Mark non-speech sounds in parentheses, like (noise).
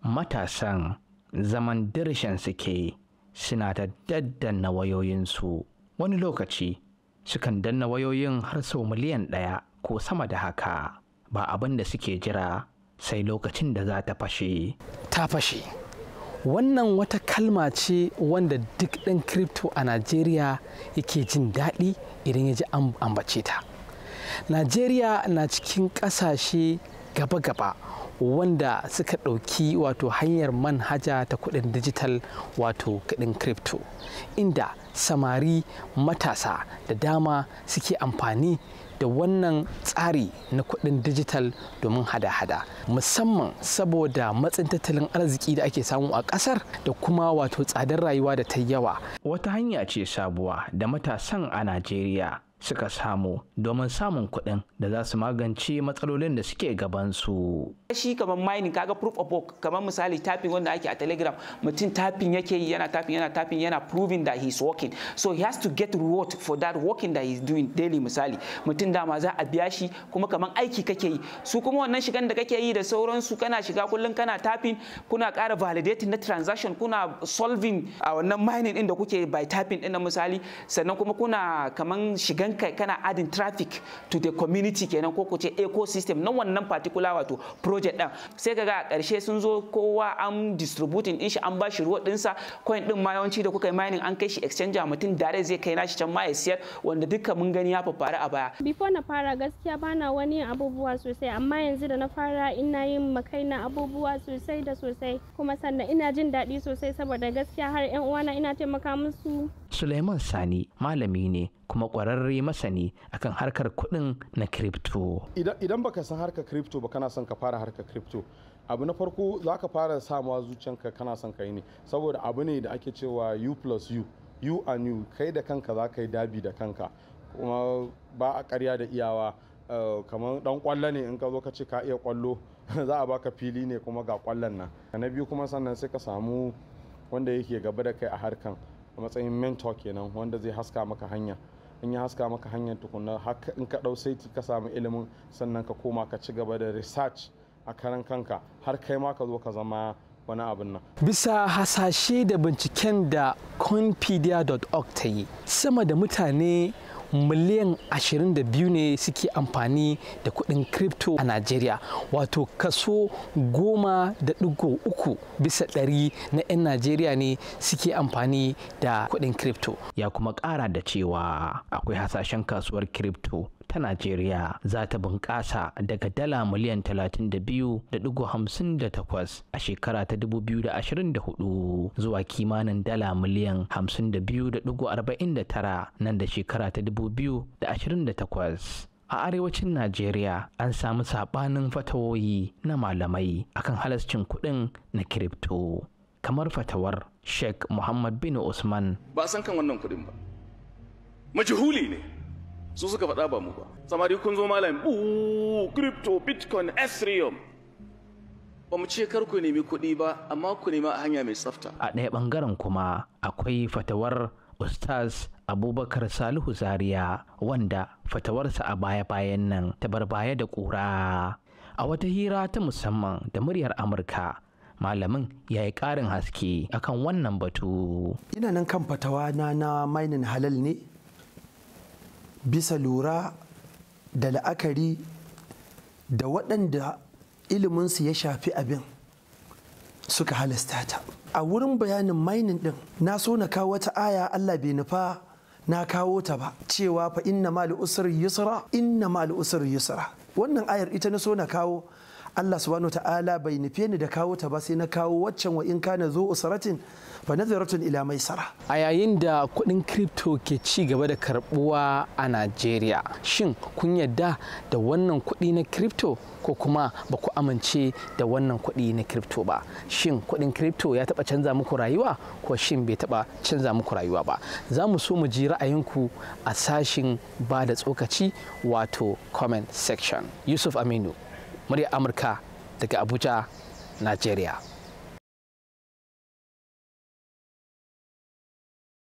matasan zaman dirshan suke suna ta daddanna wayoyinsu wani lokaci sukan danna wayoyin har sau miliyan ɗaya ko sama da haka ba abin da suke jira sai lokacin da za ta fashe ta fashe wannan wata kalma ce wanda duk ɗan kripto a najeriya yake jin daɗi idan ya ji ambace ta najeriya na cikin ƙasashe gaba-gaba wanda suka ɗauki wato hanyar manhaja ta kuɗin digital wato kuɗin crypto inda samari matasa da dama suke amfani da wannan tsari na kuɗin digital domin hada-hada musamman saboda matsin tattalin arziki da ake samu a ƙasar da kuma wato tsadar rayuwa da ta yawa wata hanya ce sabuwa da matasan a najeriya suka samu domin samun kuɗin da za su magance matsalolin da suke gabansu. shi kamar mining kaga proof of work kamar misali tapping wanda ake a telegram mutum tapping yake yi yana tapping yana tapping yana proving that he's working so he has to get reward for that working that he's doing daily misali mutum dama za a biya shi kuma kamar aiki kake yi su kuma wannan shigan da kake yi da sauransu kana shiga kullum kana tapping kuna ƙara validating na transaction kuna solving a wannan mining din da kuke by tapping ɗin misali sannan kuma kuna kamar shigan idan kai kana adin traffic to the community kenan ko kuce ecosystem na wannan particular wato project din sai kaga a karshe sun zo kowa an distributing din shi an ba shi ruwa dinsa coin din ma yawanci da kuka yi mining an kai shi exchange mutum dare zai kai nashi can ma ya siyar wanda duka mun gani ya faru a baya before na fara gaskiya bana wani abubuwa sosai amma yanzu da na fara ina yin na abubuwa sosai da sosai kuma sannan ina jin daɗi sosai saboda gaskiya har yan uwana ina taimaka musu Suleiman Sani malami ne kuma kwararre masani akan harkar kuɗin na crypto. Idan baka san harkar crypto ba kana son ka fara harkar crypto. Abu na farko za ka fara samawa zuciyanka kana son ka yi ne saboda abu ne da ake cewa U plus U. U and U kai da kanka za ka yi dabi da kanka kuma ba a karya da iyawa eh, kamar dan kwallo ne in ka zo ka ce ka iya kwallo (laughs) za a baka fili ne kuma ga kwallon nan na biyu kuma sannan sai ka samu wanda yake gaba da kai a harkan a matsayin mentor kenan wanda zai haska maka hanya in ya haska maka hanyar tukunna haka in ka ɗau saiti ka samu ilimin sannan ka koma ka ci gaba da research a karan kanka har kai ma ka zo ka zama wani abin nan. Bisa hasashe da binciken da conpedia.org ta yi sama da mutane miliyan 22 ne suke amfani da kuɗin crypto a Najeriya wato kaso goma da ɗigo uku bisa ɗari na 'yan Najeriya ne suke amfani da kuɗin crypto. Ya kuma ƙara da cewa akwai hasashen kasuwar crypto ta Najeriya za ta bunƙasa daga dala miliyan 32.58 a shekara ta 2024 zuwa kimanin dala miliyan 52.49 nan da shekara ta 2028. a arewacin Najeriya an samu saɓanin fatawoyi na malamai akan halascin kuɗin na kiripto kamar fatawar Sheikh Muhammad bin Usman ba san kan wannan kuɗin ba majhuli ne su suka faɗa ba mu ba samari kun zo malam bu crypto bitcoin ethereum ba mu ce kar ku nemi kuɗi ba amma ku nemi a hanya mai tsafta a ɗaya ɓangaren kuma akwai fatawar ustaz abubakar salihu Zariya, wanda fatawarsa a baya-bayan nan ta bar baya da ƙura a wata hira ta musamman da muryar amurka malamin ya yi ƙarin haske akan wannan batu. Ina nan kan fatawa na na mainin halal ne bisa lura da la'akari da waɗanda iliminsu ya shafi abin suka halasta ta a wurin bayanin mainin ɗin na so na kawo wata aya allah bai nufa na kawo ta ba cewa fa inna mal yusra inna mal yusra wannan ayar ita na so na kawo Allah subhanahu ta'ala bai nufe ni da kawo ta ba sai na kawo waccan wa in kana zo usratin fa nazaratun ila maisara a yayin da kuɗin crypto ke ci gaba da karbuwa a Najeriya shin kun yadda da wannan kuɗi na crypto ko kuma ba ku amince da wannan kuɗi na crypto ba shin kuɗin crypto ya taba canza muku rayuwa ko shin bai taɓa canza muku rayuwa ba za mu so mu ji ra'ayinku a sashin ba da tsokaci wato comment section yusuf aminu murya amurka daga abuja nigeria